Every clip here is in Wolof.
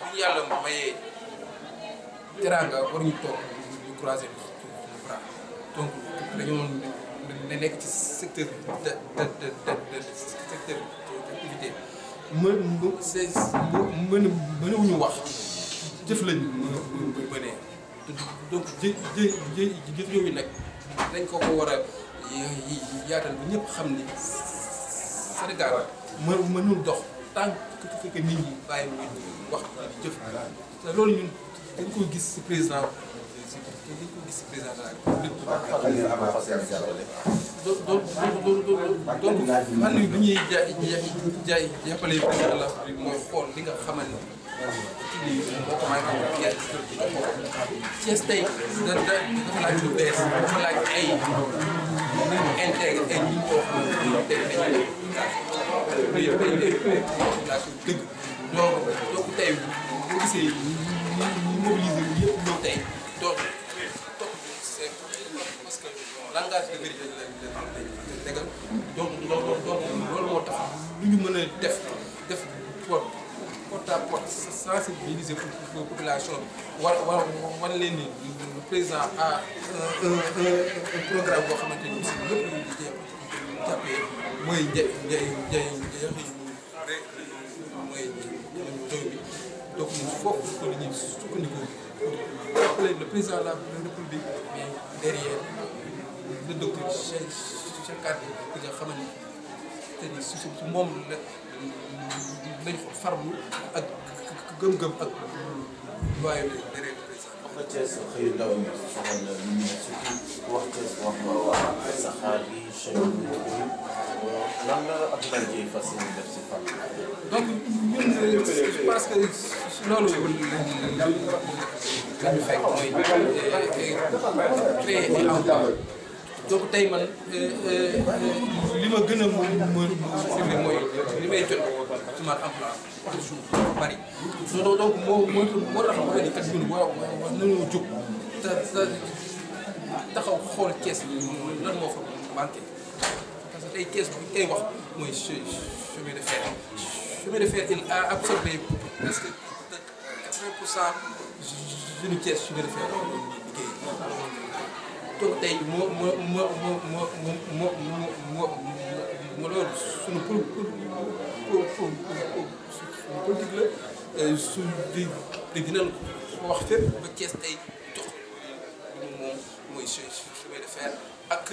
bu ñu yàlla mayee teraanga waruñu toog ñu croiser suñu bras donc dañoo ne nekk ci secteur de de de de secteur d'activité mën mënuñu wax jëf lañ mën a mënee donc jë jë jë jëf yooyu nag dañ ko ko war a yaatal bu ñëpp xam ni Sénégal mënul dox. tant que que nit ñi bàyyi wu ñu wax di jëf te loolu ñun dañ ko gis si président dañ ko gis si président de la République donc xam ni lu ñuy jaay jaay jàppale président de la République mooy xool li nga xamal ni ci lii moo ko may Thiès tey da dafa laaj lu bees dafa laaj ay intègre ay ñu ko yow tey tey tey dëgg donc donc tey boo gisee ñu mobilisé wu ñëpp ñëw tey donc topp c'est parce que langage de vérité la tegal donc loolu donc loolu moo tax lu ñu mën a def def porte porte à porte sensibiliser population bi war war war leen ni président à un un un programme boo xamante ni aussi lépp lu ñu jeex jàppee mooy një një njëriñ njëriñ mooy taw bi donc foofu ko la ñuy sukkandiku pour le président de la République mais derrière le docteur Cheikh Cheikh moom la lañ farlu ak gëm-gëm ak waaye xam nga Thiès xëyu ndaw ñi soxal na ñu ne surtout wax Thiès wax nga waa saxaar yi chaîne bi lan la Abdoulaye Dièye fas yéene def si fan. donc ñun parce que loolu lañu fekk mooy eh, eh, créer ay emploi donc tey man euh, euh, euh, li ma gën a mooy li may jot. département d' emploi wax dëgg suñu bëri. donc donc moo moo moo tax ma ni kat ñun boo nañoo jóg te taxaw xool kees bi lan moo fa manqué parce que tey kees bi tey wax mooy chemin de fer chemin de fer il a absorbé presque quatre-vingt pour cent jeune kees chemin de fer loolu liggéey donc tey moo moo moo moo moo moo moo ma loolu suñu pour pour politique la su di di dinañ ko wax fépp ba Thiès tey jox moom mooy su chemin de fer ak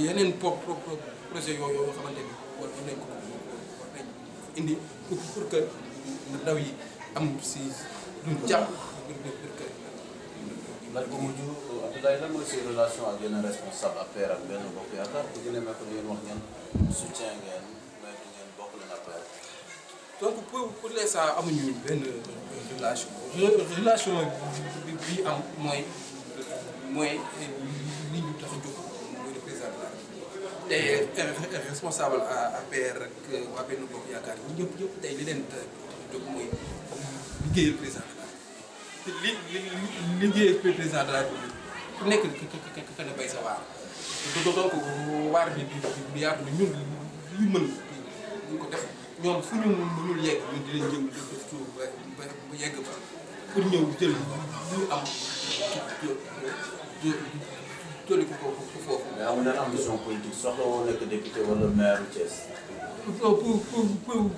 yeneen pro projet yooyu yoo xamante ni war nañ ko war indi pour que ndaw yi am si duñ jàpp pour que. Abdoulaye lan mooy relation ak yeneen responsable ak affaire ak benn bokk yaakaar bu ñu demee ko ngeen wax ngeen soutien ngeen mais mooy mooy li ñu tax a jóg mooy de la République te responsable APR waa benn bokk yaakaar ñëpp ñëpp tey li leen jóg mooy liggéeyal président de la République te li ku nekk ka da bay sa waar donc waar bi bi yaatu na ñun li mën ñu ko def ñoom fu ñu mënul yegg ñun dinañ jëm def tuur ba yegg ba pour ñëw jël ñu am jëli ko ko foofu. mais am na ambition politique soxla woon nekk député wala maire Thiès. pour pour pour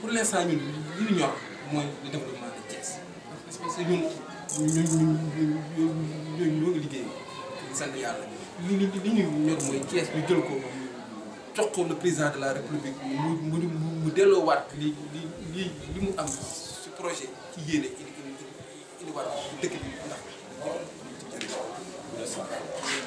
pour l' instant ñun li ñu ñor mooy le développement de Thiès parce que ñun. ñu liggéey di sant yàlla li li li ñu ñor mooy Thiès ñu jël ko jox ko le de la république mu mu delloo waat li li li li mu am si projet ci yéene indi indi waat dëkk bi ndax.